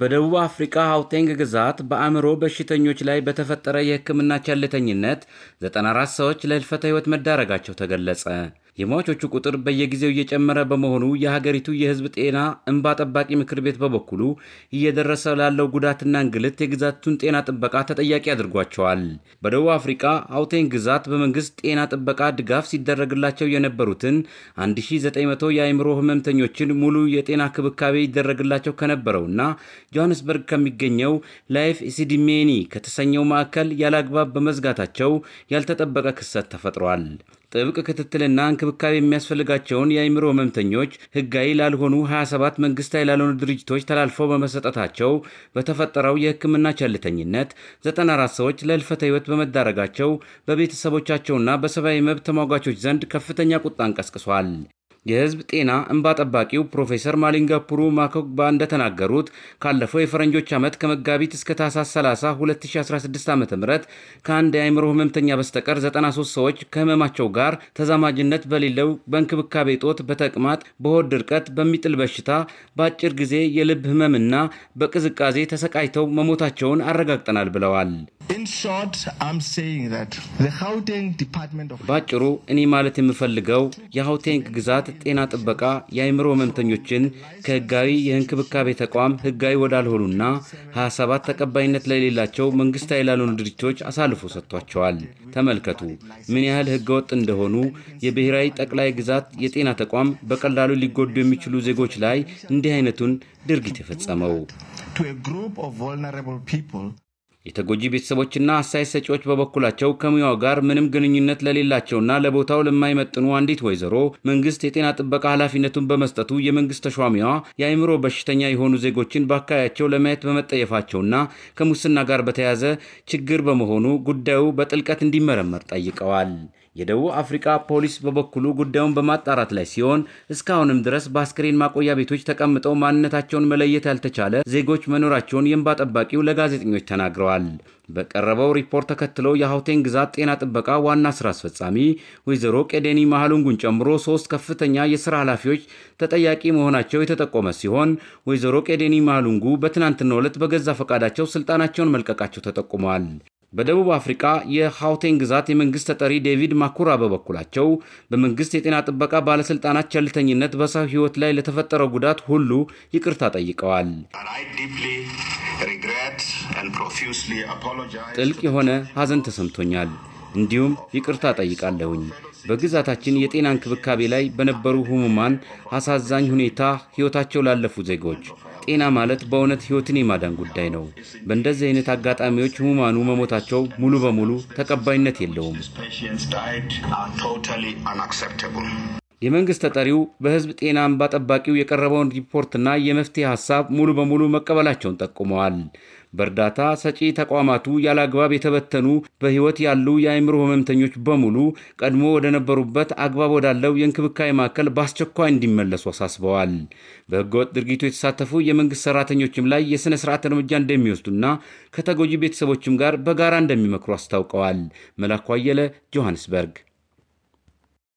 በደቡብ አፍሪካ ሀውቴንግ ግዛት በአእምሮ በሽተኞች ላይ በተፈጠረ የሕክምና ቸልተኝነት 94 ሰዎች ለህልፈተ ሕይወት መዳረጋቸው ተገለጸ። የሟቾቹ ቁጥር በየጊዜው እየጨመረ በመሆኑ የሀገሪቱ የሕዝብ ጤና እንባ ጠባቂ ምክር ቤት በበኩሉ እየደረሰ ላለው ጉዳትና እንግልት የግዛቱን ጤና ጥበቃ ተጠያቂ አድርጓቸዋል። በደቡብ አፍሪካ አውቴን ግዛት በመንግስት ጤና ጥበቃ ድጋፍ ሲደረግላቸው የነበሩትን 1900 የአእምሮ ህመምተኞችን ሙሉ የጤና ክብካቤ ይደረግላቸው ከነበረውና ጆሃንስበርግ ከሚገኘው ላይፍ ሲዲሜኒ ከተሰኘው ማዕከል ያለ አግባብ በመዝጋታቸው ያልተጠበቀ ክስተት ተፈጥሯል። ጥብቅ ክትትልና እንክብካቤ የሚያስፈልጋቸውን የአይምሮ ህመምተኞች ህጋዊ ላልሆኑ 27 መንግስታዊ ላልሆኑ ድርጅቶች ተላልፈው በመሰጠታቸው በተፈጠረው የህክምና ቸልተኝነት 94 ሰዎች ለልፈተ ህይወት በመዳረጋቸው በቤተሰቦቻቸውና በሰብአዊ መብት ተሟጋቾች ዘንድ ከፍተኛ ቁጣ አንቀስቅሷል። የህዝብ ጤና እንባ ጠባቂው ፕሮፌሰር ማሊንጋፑሩ ማኮግባ እንደተናገሩት ካለፈው የፈረንጆች ዓመት ከመጋቢት እስከ ታህሳስ 30 2016 ዓ ም ከአንድ የአእምሮ ህመምተኛ በስተቀር 93 ሰዎች ከህመማቸው ጋር ተዛማጅነት በሌለው በእንክብካቤ ጦት፣ በተቅማጥ፣ በሆድ ድርቀት፣ በሚጥል በሽታ፣ በአጭር ጊዜ የልብ ህመምና በቅዝቃዜ ተሰቃይተው መሞታቸውን አረጋግጠናል ብለዋል። በአጭሩ እኔ ማለት የምፈልገው የሀውቴንግ ግዛት ጤና ጥበቃ የአእምሮ ህመምተኞችን ከህጋዊ የእንክብካቤ ተቋም ህጋዊ ወዳልሆኑና 27 ተቀባይነት ለሌላቸው መንግስታዊ ላልሆኑ ድርጅቶች አሳልፎ ሰጥቷቸዋል። ተመልከቱ ምን ያህል ህገወጥ እንደሆኑ። የብሔራዊ ጠቅላይ ግዛት የጤና ተቋም በቀላሉ ሊጎዱ የሚችሉ ዜጎች ላይ እንዲህ አይነቱን ድርጊት የፈጸመው የተጎጂ ቤተሰቦችና አስተያየት ሰጪዎች በበኩላቸው ከሙያው ጋር ምንም ግንኙነት ለሌላቸውና ለቦታው ለማይመጥኑ አንዲት ወይዘሮ መንግስት የጤና ጥበቃ ኃላፊነቱን በመስጠቱ የመንግስት ተሿሚዋ የአእምሮ በሽተኛ የሆኑ ዜጎችን በአካባቢያቸው ለማየት በመጠየፋቸውና ከሙስና ጋር በተያያዘ ችግር በመሆኑ ጉዳዩ በጥልቀት እንዲመረመር ጠይቀዋል። የደቡብ አፍሪካ ፖሊስ በበኩሉ ጉዳዩን በማጣራት ላይ ሲሆን እስካሁንም ድረስ በአስክሬን ማቆያ ቤቶች ተቀምጠው ማንነታቸውን መለየት ያልተቻለ ዜጎች መኖራቸውን የእንባ ጠባቂው ለጋዜጠኞች ተናግረዋል። ገልጸዋል። በቀረበው ሪፖርት ተከትሎ የሀውቴን ግዛት ጤና ጥበቃ ዋና ስራ አስፈጻሚ ወይዘሮ ቄደኒ ማህሉንጉን ጨምሮ ሶስት ከፍተኛ የስራ ኃላፊዎች ተጠያቂ መሆናቸው የተጠቆመ ሲሆን ወይዘሮ ቄዴኒ ማህሉንጉ በትናንትናው ዕለት በገዛ ፈቃዳቸው ስልጣናቸውን መልቀቃቸው ተጠቁመዋል። በደቡብ አፍሪካ የሀውቴን ግዛት የመንግስት ተጠሪ ዴቪድ ማኩራ በበኩላቸው በመንግስት የጤና ጥበቃ ባለስልጣናት ቸልተኝነት በሰው ሕይወት ላይ ለተፈጠረው ጉዳት ሁሉ ይቅርታ ጠይቀዋል። ጥልቅ የሆነ ሐዘን ተሰምቶኛል። እንዲሁም ይቅርታ ጠይቃለሁኝ። በግዛታችን የጤና እንክብካቤ ላይ በነበሩ ህሙማን አሳዛኝ ሁኔታ ሕይወታቸው ላለፉ ዜጎች ጤና ማለት በእውነት ሕይወትን የማዳን ጉዳይ ነው። በእንደዚህ አይነት አጋጣሚዎች ህሙማኑ መሞታቸው ሙሉ በሙሉ ተቀባይነት የለውም። የመንግስት ተጠሪው በህዝብ ጤና እንባ ጠባቂው የቀረበውን ሪፖርትና የመፍትሄ ሀሳብ ሙሉ በሙሉ መቀበላቸውን ጠቁመዋል። በእርዳታ ሰጪ ተቋማቱ ያለ አግባብ የተበተኑ በህይወት ያሉ የአእምሮ ህመምተኞች በሙሉ ቀድሞ ወደ ነበሩበት አግባብ ወዳለው የእንክብካቤ ማዕከል በአስቸኳይ እንዲመለሱ አሳስበዋል። በህገወጥ ድርጊቱ የተሳተፉ የመንግስት ሰራተኞችም ላይ የሥነ ስርዓት እርምጃ እንደሚወስዱና ከተጎጂ ቤተሰቦችም ጋር በጋራ እንደሚመክሩ አስታውቀዋል። መላኩ አየለ ጆሃንስበርግ